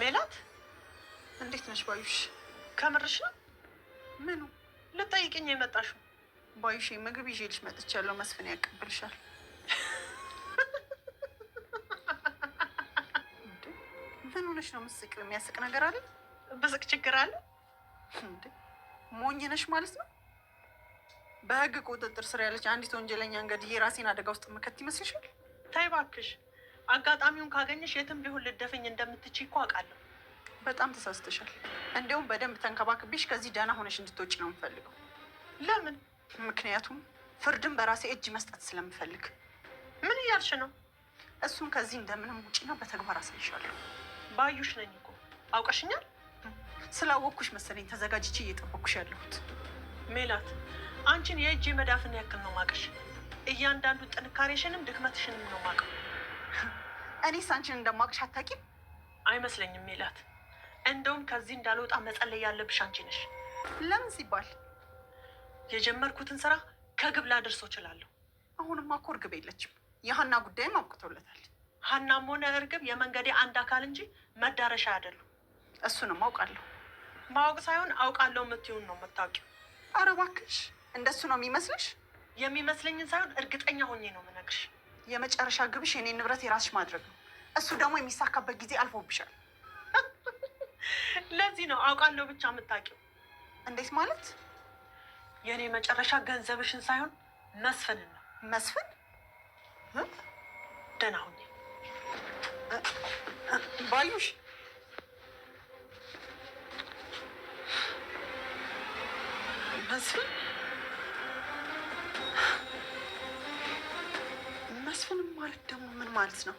ሜላት እንዴት ነሽ ባዩሽ? ከምርሽ ነው? ምኑ ልጠይቅኝ የመጣሽው? ባዩሽ ምግብ ይዤልሽ መጥቻለሁ። መስፍን ያቀብልሻል። ምን ሆነሽ ነው የምትስቂው? የሚያስቅ ነገር አለ? ብስቅ ችግር አለ? ሞኝ ነሽ ማለት ነው። በህግ ቁጥጥር ስር ያለች አንዲት ወንጀለኛ እንግዲህ የራሴን አደጋ ውስጥ መከት ይመስልሻል? ተይ እባክሽ አጋጣሚውን ካገኘሽ የትም ቢሆን ልደፈኝ እንደምትች እኮ አውቃለሁ። በጣም ተሳስተሻል። እንዲሁም በደንብ ተንከባክቤሽ ከዚህ ደህና ሆነሽ እንድትወጪ ነው የምፈልገው። ለምን? ምክንያቱም ፍርድን በራሴ እጅ መስጠት ስለምፈልግ። ምን እያልሽ ነው? እሱን ከዚህ እንደምንም ውጪና በተግባር አሳይሻለሁ። ባዩሽ ነኝ እኮ አውቀሽኛል። ስላወቅኩሽ መሰለኝ ተዘጋጅቼ እየጠበኩሽ ያለሁት። ሜላት፣ አንቺን የእጅ መዳፍን ያክል ነው ማቀሽ። እያንዳንዱ ጥንካሬሽንም ድክመትሽንም ነው ማቀው። እኔ ሳንችን እንደማቅሽ አታውቂም አይመስለኝም ሜላት። እንደውም ከዚህ እንዳልወጣ መጸለይ ያለብሽ አንቺ ነሽ። ለምን ሲባል የጀመርኩትን ስራ ከግብ ላደርሶ እችላለሁ። አሁንማ እኮ እርግብ የለችም። የሀና ጉዳይም አብቅቶለታል። ሀናም ሆነ እርግብ የመንገዴ አንድ አካል እንጂ መዳረሻ አይደሉም። እሱንም አውቃለሁ። ማወቅ ሳይሆን አውቃለሁ የምትሆን ነው የምታውቂው። አረ እባክሽ እንደሱ ነው የሚመስልሽ? የሚመስለኝን ሳይሆን እርግጠኛ ሆኜ ነው የምነግርሽ። የመጨረሻ ግብሽ የኔ ንብረት የራስሽ ማድረግ ነው። እሱ ደግሞ የሚሳካበት ጊዜ አልፎብሻል። ለዚህ ነው አውቃለሁ ብቻ የምታውቂው። እንዴት ማለት? የእኔ መጨረሻ ገንዘብሽን ሳይሆን መስፍን ነው። መስፍን ደህና ባዩሽ። መስፍን ማለት ደግሞ ምን ማለት ነው?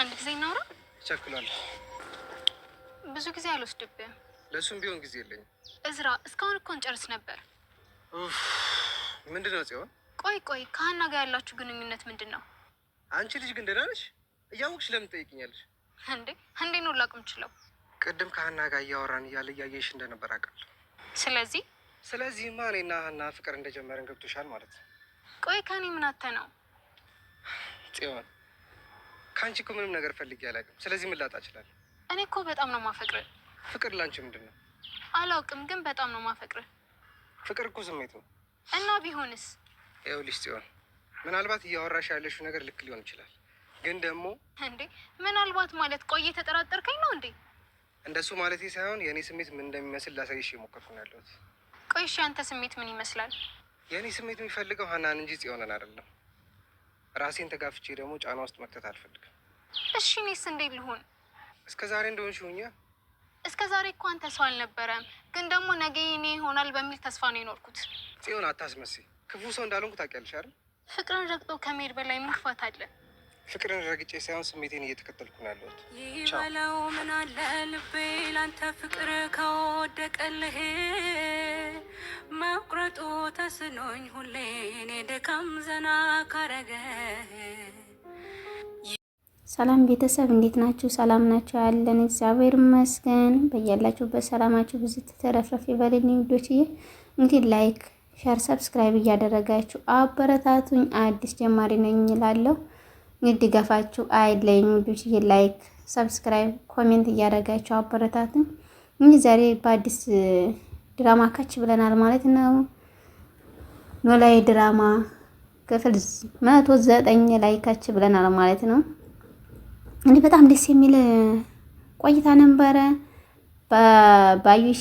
አንድ ጊዜ እናውራ። ቸኩሏል። ብዙ ጊዜ አልወስድብህም። ለእሱም ቢሆን ጊዜ የለኝም። እዝራ፣ እስካሁን እኮ እንጨርስ ነበር። ምንድን ነው ጽዮን? ቆይ ቆይ፣ ከሀና ጋር ያላችሁ ግንኙነት ምንድን ነው? አንቺ ልጅ ግን ደህና ነሽ? እያወቅሽ ለምን ትጠይቅኛለሽ? እንዴ እንዴ ነው ላቅም ችለው ቅድም ከሀና ጋር እያወራን እያለ እያየሽ እንደነበር አውቃለሁ። ስለዚህ ስለዚህማ እኔና ሀና ፍቅር እንደጀመረን ገብቶሻል ማለት ነው። ቆይ ከኔ ምን ነው? ጽዮን ከአንቺ እኮ ምንም ነገር ፈልጌ አላውቅም። ስለዚህ ምን ላጣ እችላለሁ? እኔ እኮ በጣም ነው ማፈቅር። ፍቅር ላንቺ ምንድን ነው? አላውቅም፣ ግን በጣም ነው ማፈቅር። ፍቅር እኮ ስሜት ነው እና ቢሆንስ? ይኸውልሽ ጽዮን ምናልባት እያወራሽ ያለሽው ነገር ልክ ሊሆን ይችላል፣ ግን ደግሞ እንዴ ምናልባት ማለት ቆይ የተጠራጠርከኝ ነው እንዴ? እንደሱ ማለት ሳይሆን የእኔ ስሜት ምን እንደሚመስል ላሳይሽ የሞከርኩ ነው ያለሁት። ቆይ እሺ፣ አንተ ስሜት ምን ይመስላል? የእኔ ስሜት የሚፈልገው ሀናን እንጂ ጽዮንን አይደለም። ራሴን ተጋፍቼ ደግሞ ጫና ውስጥ መክተት አልፈልግም። እሺ እኔስ እንዴት ልሆን? እስከ ዛሬ እንደሆንሽ ሆኛ እስከ ዛሬ እኮ አንተ ሰው አልነበረም፣ ግን ደግሞ ነገ እኔ ይሆናል በሚል ተስፋ ነው የኖርኩት። ጽዮን አታስመሲ፣ ክፉ ሰው እንዳልሆንኩ ታውቂያለሽ አይደል? ፍቅርን ረግጦ ከመሄድ በላይ መግፋት አለ። ፍቅርን ረግጬ ሳይሆን ስሜቴን እየተከተልኩ ነው ያለሁት። ይህ ምን አለ ልቤ ላንተ ፍቅር ከወደቀልህ መቁረጡ ተስኖኝ ሁሌ እኔ ድካም ዘና ካረገ ሰላም ቤተሰብ እንዴት ናችሁ? ሰላም ናችሁ? ያለን እግዚአብሔር ይመስገን። በያላችሁበት ሰላማችሁ ብዙ ተረፍረፍ ይበልልኝ። ውዶችዬ እንግዲህ ላይክ ሸር፣ ሰብስክራይብ እያደረጋችሁ አበረታቱኝ። አዲስ ጀማሪ ነኝ እላለሁ። እንግዲህ ገፋችሁ አይለኝ። ዱችዬ ላይክ፣ ሰብስክራይብ፣ ኮሜንት እያደረጋችሁ አበረታቱኝ። እንግዲህ ዛሬ በአዲስ ድራማ ካች ብለናል ማለት ነው። ኖላዊ ድራማ ክፍል መቶ ዘጠኝ ላይ ካች ብለናል ማለት ነው። እንዲህ በጣም ደስ የሚል ቆይታ ነበረ። ባዩሽ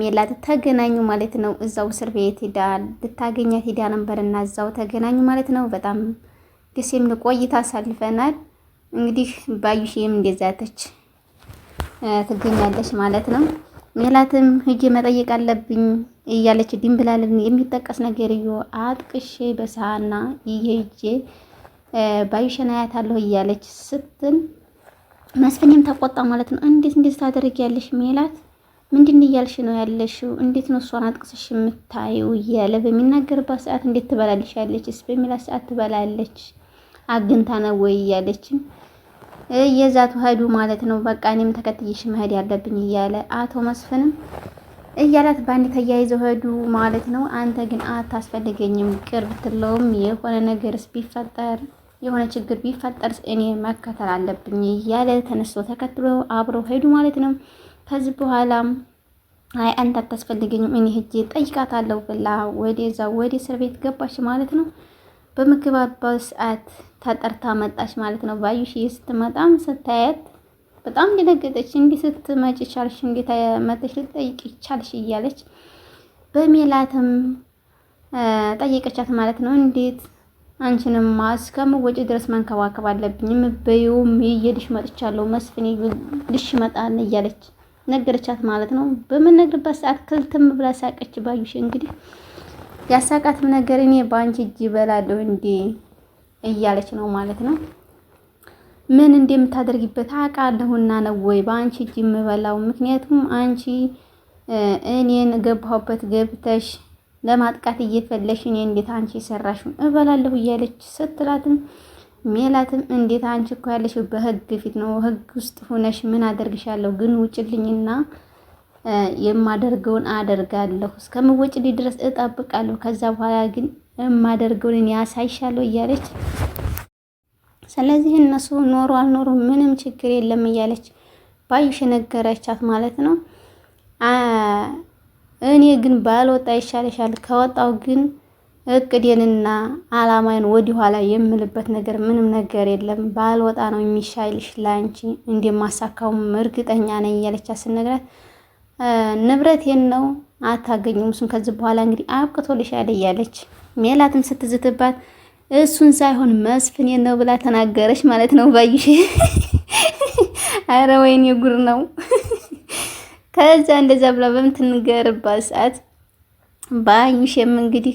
ሜላት ተገናኙ ማለት ነው። እዛው እስር ቤት ሄዳ ልታገኛት ሄዳ ነበር እና እዛው ተገናኙ ማለት ነው። በጣም ደስ የሚል ቆይታ አሳልፈናል። እንግዲህ ባዩሽም እንደዛ ያተች ትገኛለች ማለት ነው። ሜላትም ሂጅ መጠየቅ አለብኝ እያለች ድንብላልን የሚጠቀስ ነገር እዩ አጥቅሼ በሳና ይሄ ሂጅ ባዩሽን አያታለሁ እያለች ስትል መስፍንም ተቆጣ ማለት ነው። እንዴት እንዴት ታደርጊያለሽ ሜላት ምንድን እያልሽ ነው ያለሽው? እንዴት ነው እሷን አጥቅስሽ የምታየው? እያለ በሚናገርባት ሰዓት እንዴት ትበላለሽ ያለችስ በሚላት ሰዓት ትበላለች አግንታ ነው ወይ እያለችም እየዛቱ ሄዱ ማለት ነው። በቃ እኔም ተከትዬሽ መሄድ ያለብኝ እያለ አቶ መስፍንም እያላት በአንድ ተያይዘው ሄዱ ማለት ነው። አንተ ግን አታስፈልገኝም ቅርብ ትለውም የሆነ ነገርስ ቢፈጠር የሆነ ችግር ቢፈጠር እኔ መከተል አለብኝ እያለ ተነስቶ ተከትሎ አብሮ ሄዱ ማለት ነው። ከዚህ በኋላም አይ አንተ አታስፈልገኝም እኔ ሂጄ ጠይቃታለሁ ብላ ወደዛ ወደ እስር ቤት ገባች ማለት ነው። በምግባባው ሰዓት ተጠርታ መጣች ማለት ነው። ባዩሽ ስትመጣም ስታያት በጣም ደነገጠች። እንዲህ ስትመጪ ቻልሽ፣ እንዴት መተሽ ልጠይቅ ቻልሽ እያለች በሜላትም ጠየቀቻት ማለት ነው እንዴት አንቺንማ መወጪ ድረስ መንከባከብ አለብኝም በይውም እየሄድሽ መጥቻለሁ መስፍኔ ልሽ መጣን እያለች ነገረቻት ማለት ነው። በምነግርበት ሰዓት ክልትም ብላ ሳቀች። ባዩሽ እንግዲህ ያሳቃትም ነገር እኔ በአንቺ እጅ ይበላለሁ እንዴ እያለች ነው ማለት ነው። ምን እንደምታደርጊበት አውቃለሁና ነው ወይ በአንቺ እጅ የምበላው? ምክንያቱም አንቺ እኔን ገባሁበት ገብተሽ ለማጥቃት እየፈለሽ እኔ እንዴት አንቺ የሰራሽውን እበላለሁ እያለች ስትላትም ሜላትም እንዴት አንቺ እኮ ያለሽ በህግ ፊት ነው። ህግ ውስጥ ሆነሽ ምን አደርግሻለሁ? ግን ውጭልኝና የማደርገውን አደርጋለሁ እስከምወጭልኝ ድረስ እጠብቃለሁ። ከዛ በኋላ ግን የማደርገውን እኔ ያሳይሻለሁ እያለች ስለዚህ እነሱ ኖሮ አልኖሩ ምንም ችግር የለም እያለች ባዩሽ ነገረቻት ማለት ነው። እኔ ግን ባልወጣ ይሻለሻል። ከወጣው ግን እቅዴንና አላማዬን ወደኋላ የምልበት ነገር ምንም ነገር የለም። ባልወጣ ነው የሚሻልሽ ለአንቺ እንደማሳካውም እርግጠኛ ነኝ እያለች ስነግራት ንብረቴን ነው አታገኝም፣ እሱን ከዚህ በኋላ እንግዲህ አብቅቶልሻል እያለች ሜላትም ስትዝትባት እሱን ሳይሆን መስፍኔን ነው ብላ ተናገረች ማለት ነው ባዩሽ። አረ ወይኔ ጉር ነው። ከዛ እንደዛ ብላ በምትንገርባት ሰዓት ባዩሽም እንግዲህ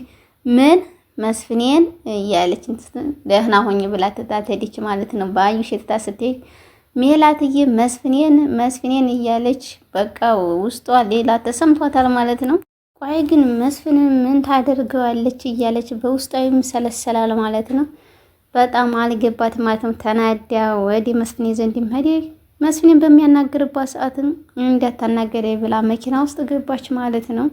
ምን መስፍኔን እያለች ደህና ሆኝ ብላ ትታት ማለት ነው። ባዩሽ ትታት ስትሄድ ሜላትዬ መስፍኔን መስፍኔን እያለች በቃ ውስጧ ሌላ ተሰምቷታል ማለት ነው። ቆይ ግን መስፍንን ምን ታደርገዋለች እያለች በውስጧ ይምሰለሰላል ማለት ነው። በጣም አልገባት ማለት ነው። ተናዳ ወደ መስፍኔ ዘንድ ሄደች። መስፍንን በሚያናግርባት ሰዓትም እንዳታናገረ ብላ መኪና ውስጥ ገባች ማለት ነው።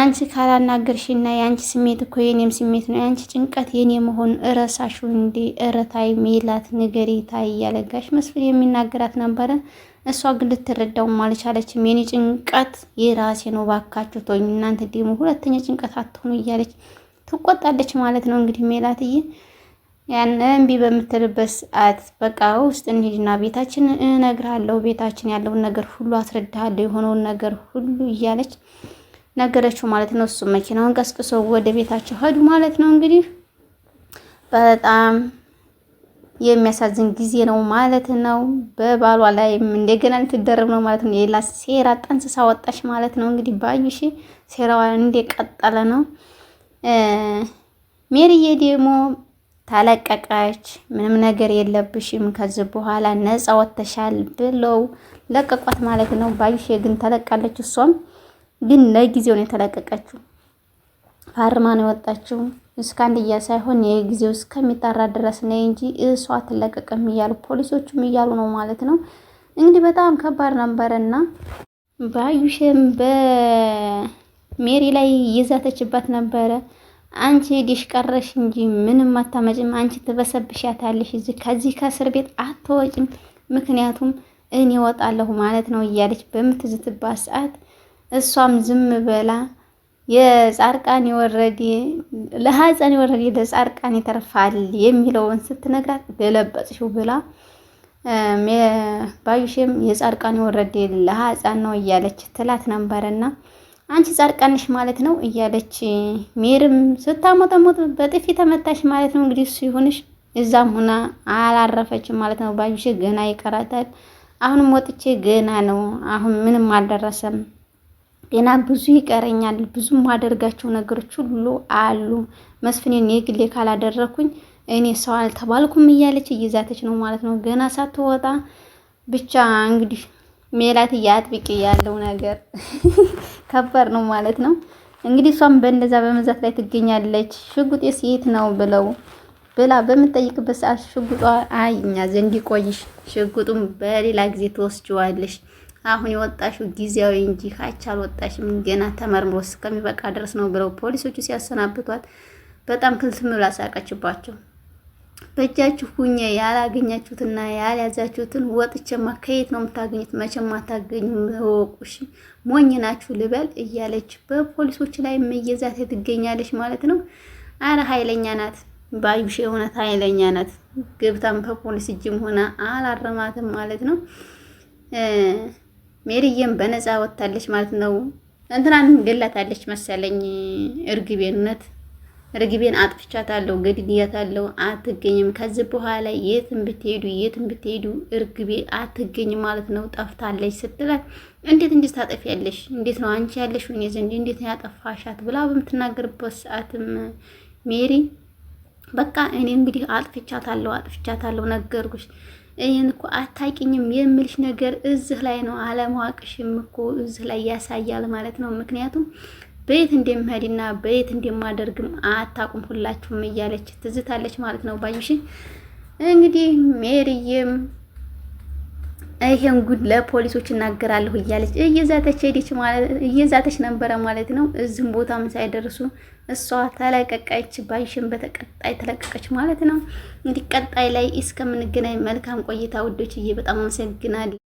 አንቺ ካላናገርሽና የአንቺ ስሜት እኮ የኔም ስሜት ነው፣ የአንቺ ጭንቀት የኔ መሆን እረሳሹ እንዴ እረታይ ሜላት ንገሪ ታይ እያለጋሽ መስፍን የሚናገራት ነበረ። እሷ ግን ልትረዳውም አልቻለችም። የኔ ጭንቀት የራሴ ነው፣ ባካችሁ ተወኝ እናንተ ደግሞ ሁለተኛ ጭንቀት አትሆኑ እያለች ትቆጣለች ማለት ነው። እንግዲህ ሜላትዬ ያን እምቢ በምትልበት ሰዓት በቃ ውስጥ እንሂድና ቤታችን እነግርሃለሁ፣ ቤታችን ያለውን ነገር ሁሉ አስረዳሃለሁ፣ የሆነውን ነገር ሁሉ እያለች ነገረችው ማለት ነው። እሱ መኪናውን ቀስቅሶ ወደ ቤታቸው ሄዱ ማለት ነው። እንግዲህ በጣም የሚያሳዝን ጊዜ ነው ማለት ነው። በባሏ ላይ እንደገና ልትደረብ ነው ማለት ነው። ሌላ ሴራ ጠንስሳ ወጣች ማለት ነው። እንግዲህ ባዩሽ ሴራዋ እንደቀጠለ ነው። ሜሪዬ ደግሞ ተለቀቀች። ምንም ነገር የለብሽም ከዚህ በኋላ ነፃ ወጥተሻል ብለው ለቀቋት ማለት ነው። ባዩሽ ግን ተለቃለች። እሷም ግን ለጊዜው ነው የተለቀቀችው። ፋርማ ነው የወጣችው። እስከ ሳይሆን የጊዜው እስከሚጣራ ድረስ ነው እንጂ እሷ አትለቀቅም እያሉ ፖሊሶቹም እያሉ ነው ማለት ነው። እንግዲህ በጣም ከባድ ነበርና ባዩሽም በሜሪ ላይ እየዛተችበት ነበረ። አንቺ ዲሽ ቀረሽ እንጂ ምንም አታመጭም። አንቺ ትበሰብሻታለሽ፣ እዚህ ከዚህ ከእስር ቤት አትወጭም፣ ምክንያቱም እኔ ወጣለሁ ማለት ነው እያለች በምትዝትባት ሰዓት እሷም ዝም በላ የጻርቃን የወረዴ ለሀፀን የወረዴ ለጻርቃን ይተርፋል የሚለውን ስትነግራት ገለበጥሽው ብላ ባዩሽም የጻርቃን የወረዴ ለሀፀን ነው እያለች ትላት ነበርና አንቺ ጻድቃንሽ ማለት ነው እያለች ሜርም ስታሞጠሞጥ በጥፊ ተመታሽ ማለት ነው። እንግዲህ እሱ ይሁንሽ። እዛም ሆነ አላረፈችም ማለት ነው። ባዩሽ ገና ይቀራታል። አሁንም ወጥቼ ገና ነው። አሁን ምንም አልደረሰም። ገና ብዙ ይቀረኛል። ብዙ ማደርጋቸው ነገሮች ሁሉ አሉ። መስፍኔን የግሌ ካላደረኩኝ እኔ ሰው አልተባልኩም እያለች እየዛተች ነው ማለት ነው። ገና ሳትወጣ ብቻ እንግዲህ ሜላት እያጥብቅ ያለው ነገር ከባድ ነው ማለት ነው። እንግዲህ እሷም በእንደዛ በመዛት ላይ ትገኛለች። ሽጉጥ ሴት ነው ብለው ብላ በምትጠይቅበት ሰዓት ሽጉጧ አይ እኛ ዘንድ ይቆይሽ፣ ሽጉጡም በሌላ ጊዜ ትወስጂዋለሽ። አሁን የወጣሽው ጊዜያዊ እንጂ ካች አልወጣሽም፣ ገና ተመርምሮ እስከሚበቃ ድረስ ነው ብለው ፖሊሶቹ ሲያሰናብቷት በጣም ክልትም ብላ ሳቀችባቸው። በእጃችሁ ሁኜ ያላገኛችሁትና ያልያዛችሁትን ወጥቼማ ከየት ነው የምታገኙት? መቼም አታገኙም። ወቁሽ ሞኝ ናችሁ ልበል እያለች በፖሊሶች ላይ መየዛት ትገኛለች ማለት ነው። አረ ኃይለኛ ናት ባዩሽ፣ የእውነት ኃይለኛ ናት። ገብታም በፖሊስ እጅም ሆነ አላረማትም ማለት ነው። ሜሪየም በነፃ ወጥታለች ማለት ነው። እንትናንም ገላታለች መሰለኝ እርግቤነት ርግቤን አጥፍቻታለሁ፣ ገድያታለሁ፣ አትገኝም። ከዚህ በኋላ የትም ብትሄዱ የትም ብትሄዱ እርግቤ አትገኝም ማለት ነው፣ ጠፍታለች ስትላት እንዴት እንዴት ታጠፊያለሽ? እንዴት ነው አንቺ ያለሽ ሁኔ ዘንድ እንዴት ያጠፋሻት ብላ በምትናገርበት ሰዓትም ሜሪ በቃ እኔ እንግዲህ አጥፍቻታለሁ፣ አጥፍቻታለሁ ነገርኩሽ ይህን እኮ አታቂኝም የምልሽ ነገር እዚህ ላይ ነው። አለማዋቅሽም እኮ እዚህ ላይ ያሳያል ማለት ነው። ምክንያቱም በየት እንደምሄድና በየት እንደማደርግም አታቁም ሁላችሁም እያለች ትዝታለች ማለት ነው። ባዩሽ እንግዲህ ሜሪየም ይሄን ጉድ ለፖሊሶች እናገራለሁ እያለች እየዛተች ሄደች ማለት እየዛተች ነበረ ማለት ነው። እዚህም ቦታም ሳይደርሱ እሷ ተለቀቀች፣ ባዩሽን በተቀጣይ ተለቀቀች ማለት ነው። እንግዲህ ቀጣይ ላይ እስከምንገናኝ መልካም ቆይታ ውዶች፣ እየ በጣም አመሰግናለሁ።